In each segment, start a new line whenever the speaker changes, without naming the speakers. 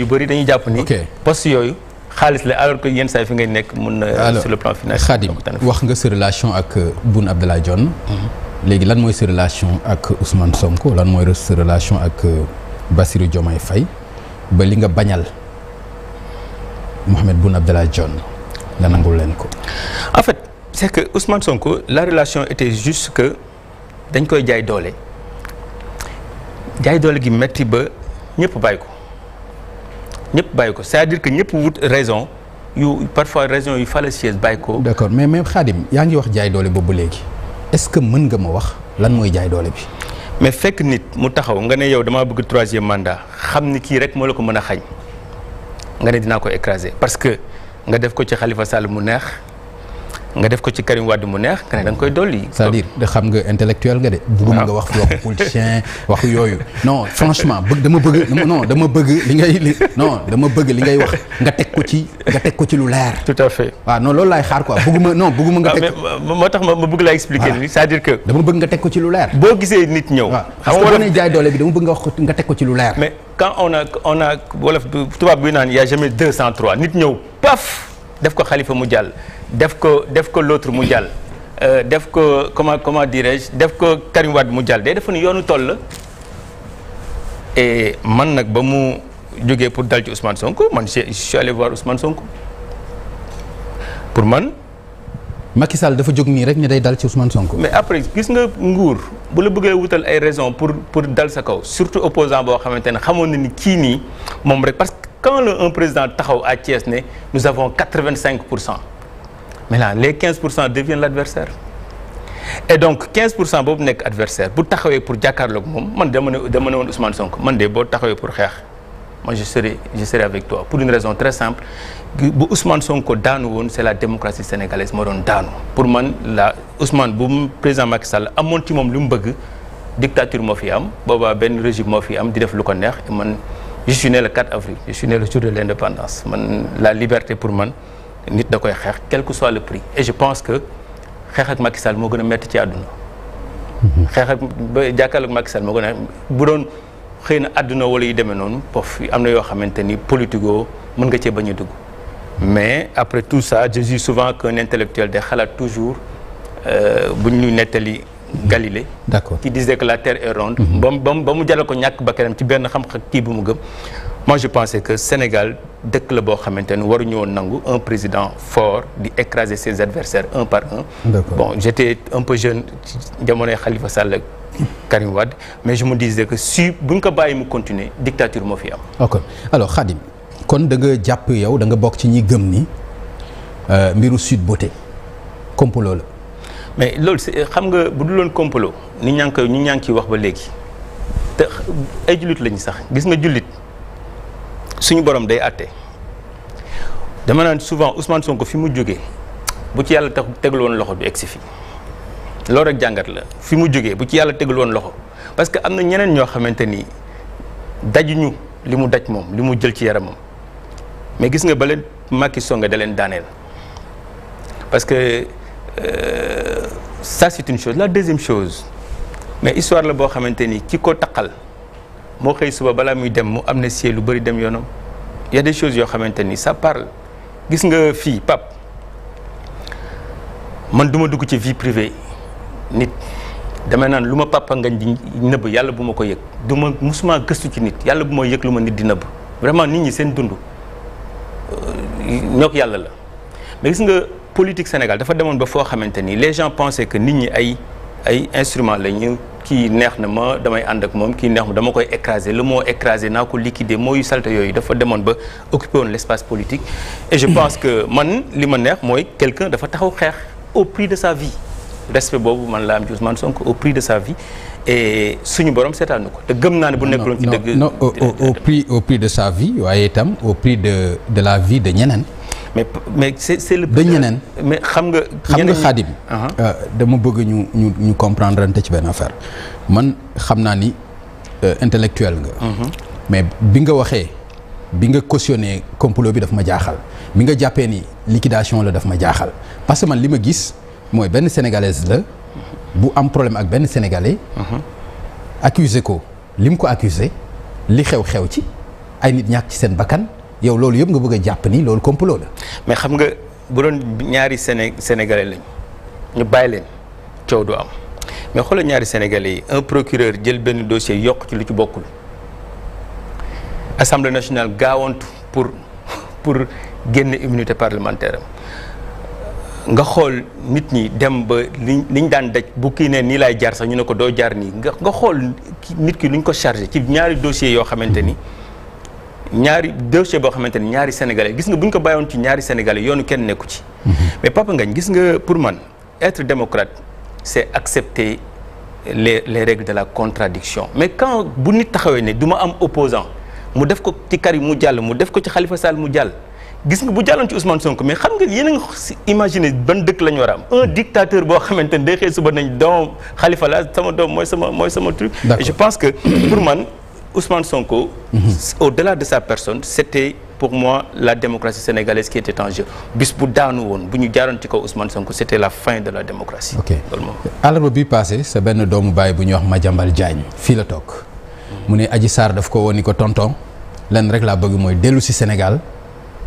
yu bëri dañuy jàpp ni. post yooyu xaalis la alors que yenn saa fi ngay nekk mun na. sur le plan financier
Khadim wax nga sa relation ak euh, Boun Abdallah Dionne. Mhm. léegi lan mooy sa relation ak Ousmane Sonko lan mooy sa relation ak euh, Bassirou Diomaye fay ba li nga bañal Mohamed Boun Abdallah Dionne nga nangul leen ko.
en fait c' que Ousmane Sonko la relation était juste que dañ koy jaay doole jaay doole gi metti ba ñëpp bàyyi ko. ñëpp bàyyi ko c'est-à-dire que ñëpp wut raison yu parfois raison yu fallacieuses bàyyi ko.
d'accord mais mais Khadim yaa ngi wax jaay doole boobu léegi est-ce que mën nga ma wax lan mooy jaay doole bi.
mais fekk nit mu taxaw nga ne yow damaa bëgg troisième mandat xam ni kii rek moo la ko mën a xañ nga ne dinaa ko écraser parce que nga def ko ci xalifa Sall mu neex. nga def ko ci Karim Wade mu neex nga ne da nga koy dolli. cest
à xam nga intellectuel nga de. bëgguma nga wax fi waxu politicien waxu yooyu. no franchement bëgg dama bëgg no dama bëgg li ngay li dama bëgg li ngay wax nga teg ko ci teg ko ci lu leer. tout à fait waaw loolu laay xaar quoi
bëgguma non bëgguma nga. Ah, teg moo tax ma ma bëgg laa expliquer nii dama bëgg nga teg ko ci lu leer. boo gisee nit ñëw. xam nga bi dama bëgg nga nga teg ko ci lu a a wala tubaab bi naan y a jamais deux sans trois nit ñëw paf def ko xalifa mu jàll def ko def ko l'autre mu jàll euh, def ko comment comment dirais-je def ko Karim mu jàll day defa ni yoonu toll la man nag ba mu jógee pour dal ci Ousmane Sonko man je suis allé voir pour man.
Macky dafa jóg nii rek ñu day dal ci Ousmane Sonko.
mais après gis nga nguur bu la bëggee wutal ay raisons pour pour dal sa kaw surtout opposant boo xamante ne xamoon na ni kii nii moom rek parce quand le un président taxaw à Thiès ne nous avons pour cent maintenant les quinze pour cent deviennent l'adversaire et donc 15 pour cent boobu nekk adversaire bu taxawee pour jàkkaarloog moom man dama ne dama ne woon Ousmane Sonko man de boo taxawee pour xeex man je serai je serai avec toi pour une raison très simple bu Ousmane Sonko daanu woon c'est la démocratie sénégalaise moo doon daanu. pour man la Ousmane bu président Macky Sall amoon ci moom lu mu bëgg dictature moo fi am boobaa benn régime moo fi am di def lu ko man. je suis né le 4 avril je suis né le jour de l'indépendance man la liberté pour man nit da koy xeex quel que soit le prix et je pense que xeex ak Macky moo gën a métti ci àdduna. xeex ak ba jàkkaarloog Macky Sall moo gën a bu doon xëy na àdduna wala yi demee noonu fi am na yoo xamante ni politico mën nga cee bañ a dugg. mais après tout ça je dis souvent qu'un intellectuel day xalaat toujours euh, bu ñu nettali Galilée. d'accord qui disait que la terre est ronde. Mhm. ba mu ba mu ba ko ñàkk bakkanam ci benn xam-xam kii bu mu gëm. moo je pensais que Sénégal dëkk la boo xamante ne waruñu nangu un président fort di écraser ses adversaires un par un. bon j'étais un peu jeune ci jamonoy Khalifa Sall ak Karim Wade mais je me disais que si buñ ko bàyyi mu continuer dictature moo fi am.
ok alors Khadim kon da nga jàpp yow da nga bokk ci ñi gëm ni euh, mbiru Sweet Beauté
complot la. mais loolu si xam nga bu dul loon complot ni ñaa ñu ñaa ngi ciy wax ba léegi te ay jullit lañu sax gis nga jullit suñu borom day àtte dama naan souvent Ousmane Sonko fi mu jógee bu ci yàlla tax tegul loxo du egsi fi loolu rek jàngat la fi mu jógee bu ci yàlla tegul woon loxo parce que am na ñeneen ñoo xamante ni dajuñu li mu daj moom li mu jël ci yaramam mais gis nga ba leen Macky Sonko da leen daaneel parce Euh, ça c'est chose la deuxième chose mais histoire la boo xamante ni ki ko taqal moo xëy suba balaa muy dem mu am na siye lu bëri dem yoonam y a des yoo xamante ni sa parle gis nga fii Pape man duma dugg ci vie privée nit demee naan lu ma Papa Ngagne di nëbb yàlla bu ma ko yëg du ma musuma gëstu ci nit yàlla bu ma yëg lu ma nit di nëbb vraiment nit ñi seen dund euh, ñoo yàlla la mais gis nga. politique Sénégal dafa demoon ba foo xamante nii les gens pensaient que nit ñi ay ay instruments la ñu kii neex na ma damay ànd ak moom kii neex ma dama koy écraser le moo écraser naa ko liquider mooyu salte yooyu dafa demoon ba occuper woon l' espace politique. et je pense que man li ma neex mooy quelqu'un dafa taxaw xeex au prix de sa vie respect boobu man la am ci Ousmane Sonko au prix de sa vie. et suñu borom seetaanu ko te gëm naa ne bu nekkuloon ci dëgg. non non
au prix de sa waaye itam prix de de la vie de ñeneen. mais mais c'est c'est le. ba ñeneen mais xam nga. xam nga xaadim uh-huh. euh, dama bëgg ñu ñu ñu comprendre rente ci benn affaire man xam naa ni euh, intellectuel nga. Uh-huh. mais bi nga waxee bi nga cautionné complot bi dafa ma jaaxal bi nga jàppee ni liquidation la daf ma jaaxal parce que man li ma gis mooy benn sénégalaise la bu am problème ak benn sénégalais. Uh-huh. accusé ko li mu ko accusé li xew xew ci ay nit ñàkk ci seen bakkan. yow loolu yëpp nga bëgg a jàpp ni loolu complot la.
mais xam nga bu doon ñaari Séné sénégalais lañ ñu bàyyi leen coow du am mais xoolal ñaari sénégalais yi un procureur jël benn dossier yokk ci lu ci bokkul assemblée nationale gaawantu pour pour génn immunité parlementaire am nga xool nit ñi dem ba liñ liñ daan daj bu kii ne nii laay jaar sax ñu ne ko doo jaar nii nga nga xool nit ki luñ ko chargé ci ñaari dossier yoo xamante ni. ñaari dossier boo xamante ni ñaari sénégalais gis nga bu ñu ko bàyyoon ci ñaari sénégalais yoonu kenn nekku ci. mais Papa Ngagne gis nga pour man être démocrate c'est accepter les les règles de la contradiction mais quand bu nit taxawee ne du ma am opposant mu def ko ci Karim mu jàll mu def ko ci Khalifa Sall mu jàll. gis nga bu jàlloon ci Ousmane Sonko mais xam nga yéen a ngi imaginer ban dëkk la ñu war a am un hmm. dictateur boo xamante ne day xëy suba nañ doom Khalifa la sama doom sama mooy sama truc. je pense que man. Ousmane Sonko. Mhm. au-delà de sa personne c'était pour moi la démocratie sénégalaise qui était bis bu daanu woon bu ñu jaaroon ci kaw Ousmane Sonko c'était la fin de la démocratie. ok loolu moom
àllarba bi passé sa benn doomu baay bu ñu wax ma Madiambal Diagne fii la toog. mu ne Adji Sarr daf ko woon ko tonton lenn rek laa bëgg mooy dellu
si Sénégal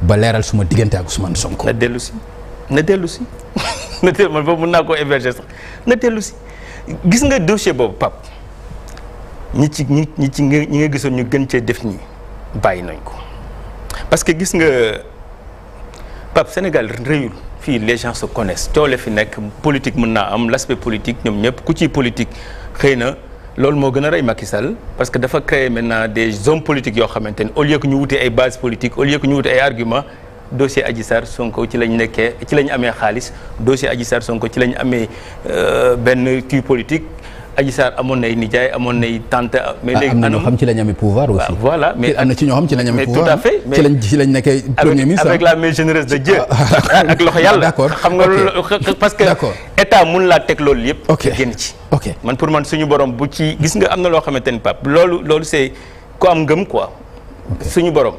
ba leeral suma diggante ak Ousmane Sonko. na dellu si na dellu si na dellu man koo héberger sax dellu si gis nga dossier boobu Pape. ñi ci ñi ñi ci ñi nga gisoon ñu gën cee def nii bàyyi nañ ko parce que gis nga Pape Sénégal réyul fii les gens se connaissent fi nekk politique mun naa am l'aspect politique ñoom ñëpp ku ciy politique xëy na loolu moo gën a rey Macky Sall parce que dafa créer maintenant de hommes politiques yoo xamante ne au lieu que ñu wutee ay base politique au lieu que ñu wutee ay argument dossier Adji Sarr Sonko ci lañ nekkee ci lañ amee xaalis dossier Adji Sarr Sonko ci lañ amee euh, benn kii politique Adji Sarr amoon nay nijaay amoon nay tante. Ah, mais ah, léegi am na ñoo xam ci lañ amee voilà mais am na ci xam ci lañ amee pouvoir tout à fait ci lañ
ci lañ nekkee premier
ah. ak loxo yàlla d'accord xam nga loolu euh, parce que état mun laa teg loolu yëpp. ok génn ci. ok man pour man suñu borom bu ci gis nga am na loo xamante ni pap loolu loolu c'est ku am ngëm ko suñu borom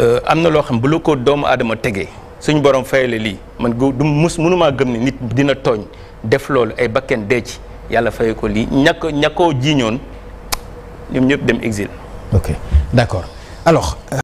euh, am na loo xam bu la ko doomu aadama tegee suñu borom fayale lii man du mus mënumaa gëm ni nit dina tooñ def loolu ay bakken dee ci yàlla fay ko lii ñàkk ñàkkoo jiiñoon ñoom ñëpp dem exil ok
d'accord alors. Euh,